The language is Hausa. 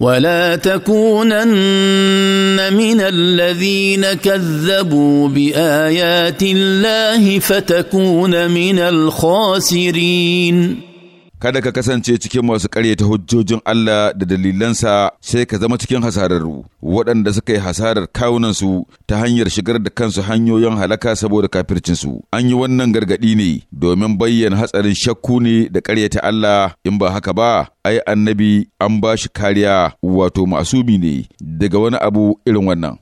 ولا تكونن من الذين كذبوا بايات الله فتكون من الخاسرين kada ka kasance cikin masu ta hujjojin Allah da dalilansa sai ka zama cikin hasararru waɗanda suka yi hasarar kawunansu ta hanyar shigar da kansu hanyoyin halaka saboda kafircinsu an yi wannan gargaɗi ne domin bayyana hatsarin shakku ne da ta Allah in ba haka ba ai annabi an ba shi kariya wato masubi ne daga wani abu irin wannan